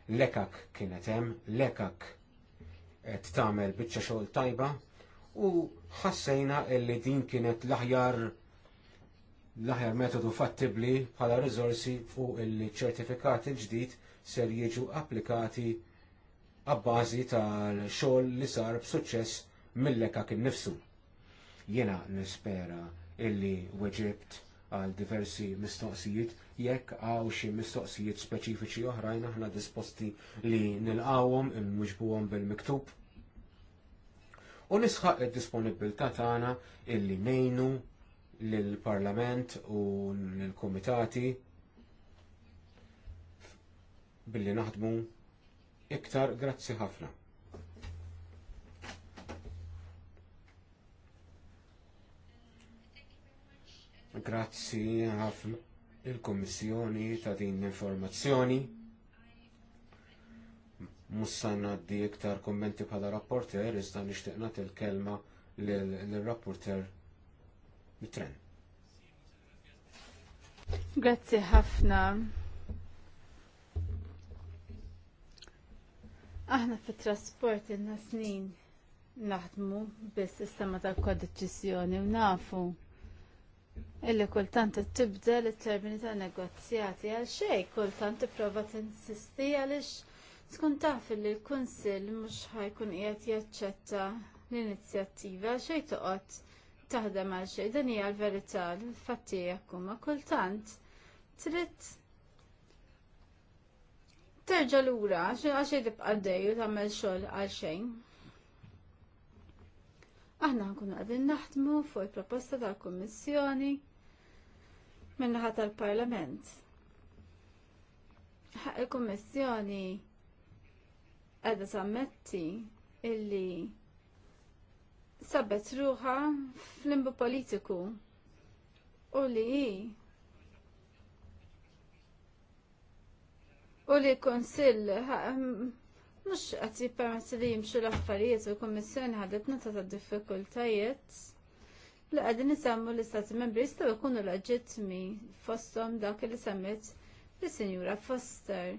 l-ekak kienet hemm, l-ekak qed tagħmel biċċa xogħol tajba u ħassejna li din kienet l-aħjar l-aħjar metodu fattibli bħala rizorsi fuq il-ċertifikati ġdid ser jiġu applikati għabbażi tal-xogħol li sar b'suċċess mill-leka kien nifsu. Jena nispera illi weġibt għal diversi mistoqsijiet jekk għaw xi mistoqsijiet speċifiċi oħrajn aħna disposti li nilqawhom imwiġbuhom bil-miktub. U nisħaq id-disponibilità tagħna illi ngħinu lill-Parlament u lill-Kumitati billi naħdmu iktar grazzi ħafna. Grazzi ħafna il-Kommissjoni ta' din l-informazzjoni. Mussan għaddi iktar kommenti bħala rapporter, iżda nixtieq nagħti l kelma lill-rapporter mit-tren. Grazzi ħafna. Aħna fit-trasport inna snin naħdmu biss sistema ta' kodeċizjoni u nafu illi kultant tibda it-termini ta' negozjati għal xej kultant tipprova tinsisti għaliex tkun taf li l-Kunsill mhux ħajkun qiegħed jaċċetta l-inizjattiva xej toqgħod taħdem għal xejn, dan hija l-verità l-fatti huma kultant trid terġa' lura għax tibqa' dej u tagħmel xogħol għal xejn. Aħna nkunu qegħdin naħdmu fuq il-proposta tal-Kummissjoni min-naħa tal-Parlament. Il-Kummissjoni qiegħda sammetti illi sabet ruħa fl-imbu politiku u li u li konsil mux għati permess li jimxu l-affarijiet u kommissjoni ħadet nata ta' diffikultajiet li għadin nisammu l-istati membri jistaw ikunu laġitmi fostom dak li sammet li senjura Foster.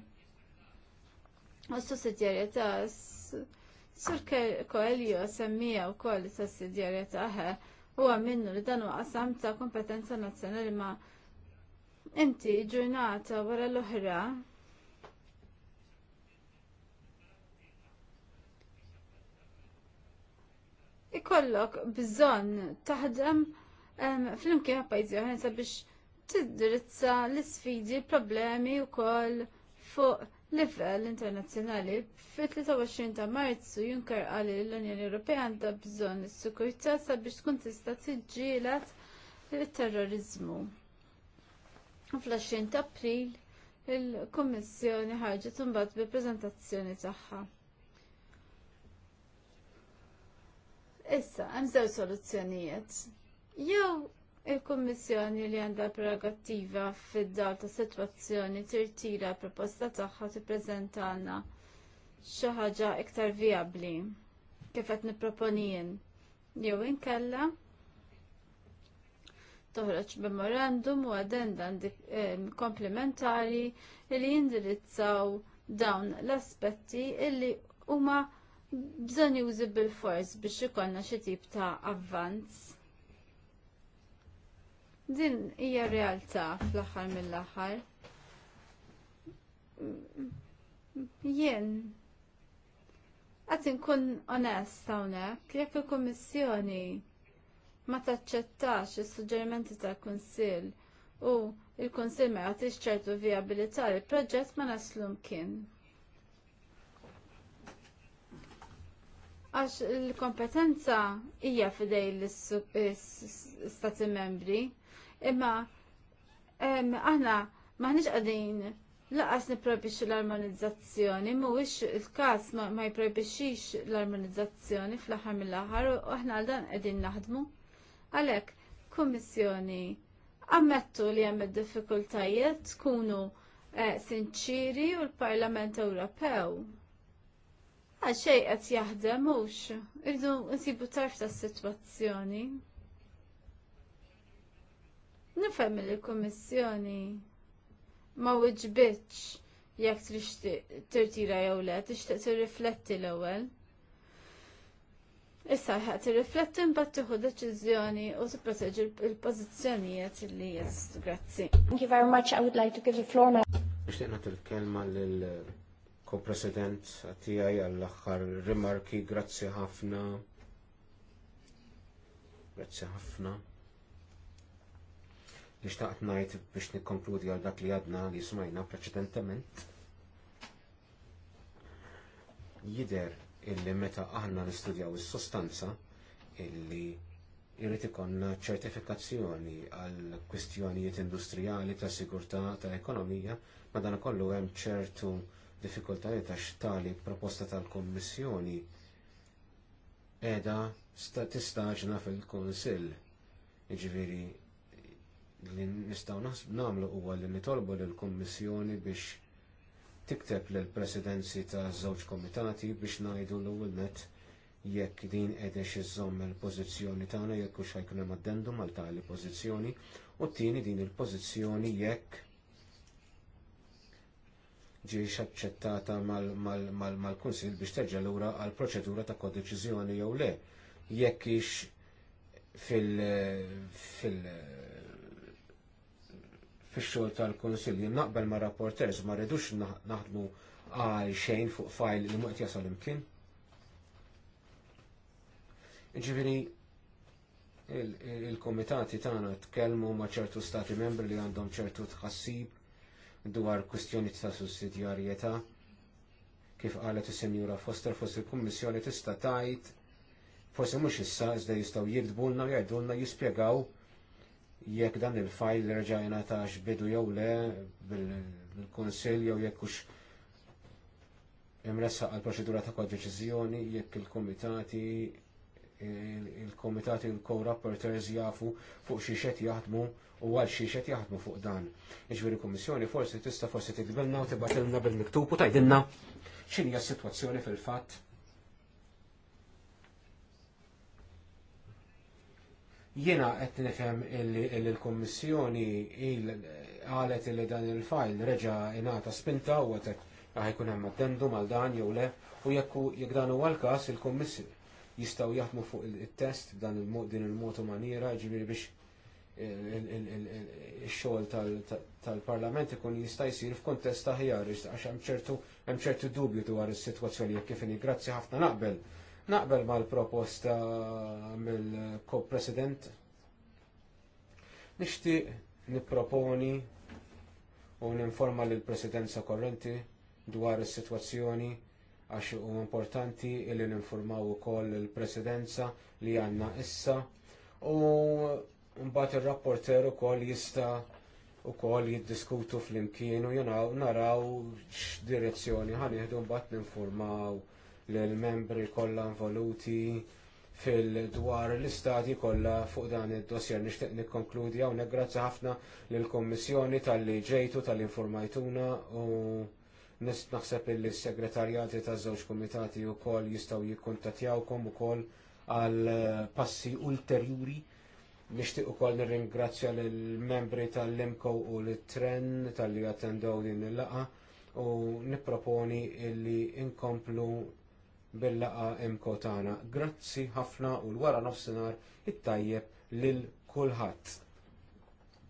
U s ta' Sur Koelio semmija u koll sussidjarjetà ħe u minnu li dan u għasam ta' kompetenza nazzjonali ma inti ġurnata wara l-oħra ikollok bżonn taħdem fl-imkien pajjiżi oħra sabiex tiddirizza l sfidi problemi problemi wkoll fuq livell internazzjonali. Fit-23 ta' Marzu Juncker qal li l-Unjoni Ewropea għandha bżonn is-sikurtà sabiex tkun tista' tiġġielat it-terrorizmu. U fl-20 ta' April il-Kummissjoni ħarġet imbagħad bi preżentazzjoni tagħha. Issa, hemm żewġ soluzzjonijiet. Jew Il-Kummissjoni li għandha prerogattiva fid dar ta' sitwazzjoni tirtira proposta tagħha tippreżentana xi ħaġa iktar vijabbli kif qed nipproponijin. Jew inkella toħroġ memorandum u addenda eh, komplementari li jindirizzaw dawn l-aspetti illi huma bżonn jużi bil-fors biex ikollna xi tip ta' avvanz. Din hija realtà fl-aħħar mill-aħħar. Jien qed inkun onest hawnhekk jekk il-Kummissjoni ma taċċettax is-suġġerimenti tal-Kunsill u l kunsill ma jagħtix ċertu vijabilità il proġett ma naslu mkien. Għax il-kompetenza hija fidej l-Stati membri Imma aħna maħniġ għadin laqas niprojbixxu l-armonizzazzjoni, mhuwiex il-każ ma jprojbixxix l-armonizzazzjoni fl-aħħar mill-aħħar u aħna għal dan qegħdin naħdmu. Għalhekk, kummissjoni ammettu li hemm id-diffikultajiet tkunu eh, sinċiri u l-Parlament Ewropew. Għal xejn qed jaħdem mhux irdu nsibu tarf tas-sitwazzjoni. Nifhem li l-Kummissjoni ma wiġbitx jekk trix tirtira jew le, tixtieq tirrifletti l-ewwel. Issa ħaq tirrifletti mbagħad tieħu deċiżjoni u tipproteġi l-pożizzjonijiet li jes. Grazzi. Thank you very much. I would like to give the floor now. Nixtieq nagħti l-kelma lil co president tiegħi għall-aħħar rimarki. Grazzi ħafna. Grazzi ħafna li xtaqt ngħid biex nikkonkludi għal dak li għadna li smajna preċedentement. Jider illi meta aħna nistudjaw is-sostanza illi irrit ikonna ċertifikazzjoni għal kwistjonijiet industrijali ta' sigurta ta' ekonomija, madan kollu hemm ċertu diffikultajiet għax tali proposta tal-Kommissjoni edha statistaġna fil konsil Iġviri, li nistgħu nagħmlu huwa li nitolbu lill kummissjoni biex tikteb lill presidenzi ta' żewġ komitati biex ngħidu l-ewwel net jekk din qegħdex iżomm il-pożizzjoni tagħna jekk hux ħajkun hemm addendum għal tali pożizzjoni u t-tieni din il-pożizzjoni jekk ġiex aċċettata mal-Kunsil biex terġa' lura għall proċedura ta' kodeċiżjoni jew le. Jekk ix fil fix-xogħol tal konsilju naqbel ma' rapporters ma rridux naħdmu għal xejn fuq fajl li muqt jasal imkien. Ġifieri il-komitati tagħna tkellmu ma' ċertu stati membri li għandhom ċertu tħassib dwar kustjoni ta' sussidjarjetà kif qalet is senjura Foster fost il-Kummissjoni tista' tgħid forsi mhux issa iżda jistgħu u jgħidulna jispjegaw jekk dan il-fajl reġajna ta' xbidu jew le bil-konsil jew jekk ux imressa għal proċedura ta' kwa-deċizjoni jekk il-komitati il-komitati il-co-rapporters jafu fuq xi xed jaħdmu u għal xi xed jaħdmu fuq dan. Iġveri kummissjoni forsi tista' forsi tidbilna u tibatilna bil miktupu tajdinna. tajdilna x'inhi s-sitwazzjoni fil-fatt Jiena qed nifhem illi l-Kummissjoni qalet illi dan il-fajl reġa' ingħata spinta u qed ħajkun hemm addendum għal dan jew le u jekk dan huwa l-każ il-Kummissjoni jistgħu jaħdmu fuq it-test b'dan il motu maniera ġifieri biex il-xogħol tal-Parlament ikun jista' jsir f'kuntest ħjar għax hemm ċertu dubju dwar is-sitwazzjoni jekk kif Grazzi ħafna naqbel Naqbel mal-proposta mill-co-president. Nixtieq nipproponi u ninforma lill presidenza korrenti dwar is-sitwazzjoni għax huwa importanti li ninformaw ukoll il-presidenza li għandna issa u mbagħad ir-rapporter ukoll jista' ukoll jiddiskutu flimkien u jenaw naraw x'direzzjoni ħanieħdu mbagħad ninformaw l-membri kollha involuti fil-dwar l istati kollha fuq dan id-dossier nixtieq nikkonkludi hawnhekk grazzi ħafna lill-Kummissjoni tal-li ġejtu tal-informajtuna u nist naħseb illi s-segretarjati taż-żewġ kumitati wkoll jistgħu jikkuntattjawkom ukoll għal passi ulterjuri Nixtieq ukoll nirringrazzja lill membri tal-Limco u l-Tren tal-li attendew din il laqgħa u nipproponi illi inkomplu bil-laqa imkotana. Grazzi ħafna u l-wara nofsinhar it-tajjeb lil kulħadd.